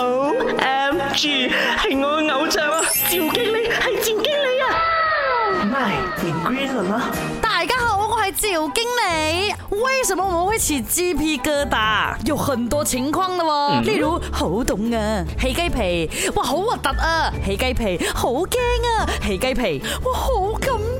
好，M G 係我嘅偶像啊，趙經理係趙經理啊、oh.，My Green 啦。大家好，我係趙經理。為什麼我會似 GP 疙瘩？有很多情況咯，例如好凍啊，起雞皮，哇好核突啊，起雞皮，好驚啊，起雞皮，哇好咁。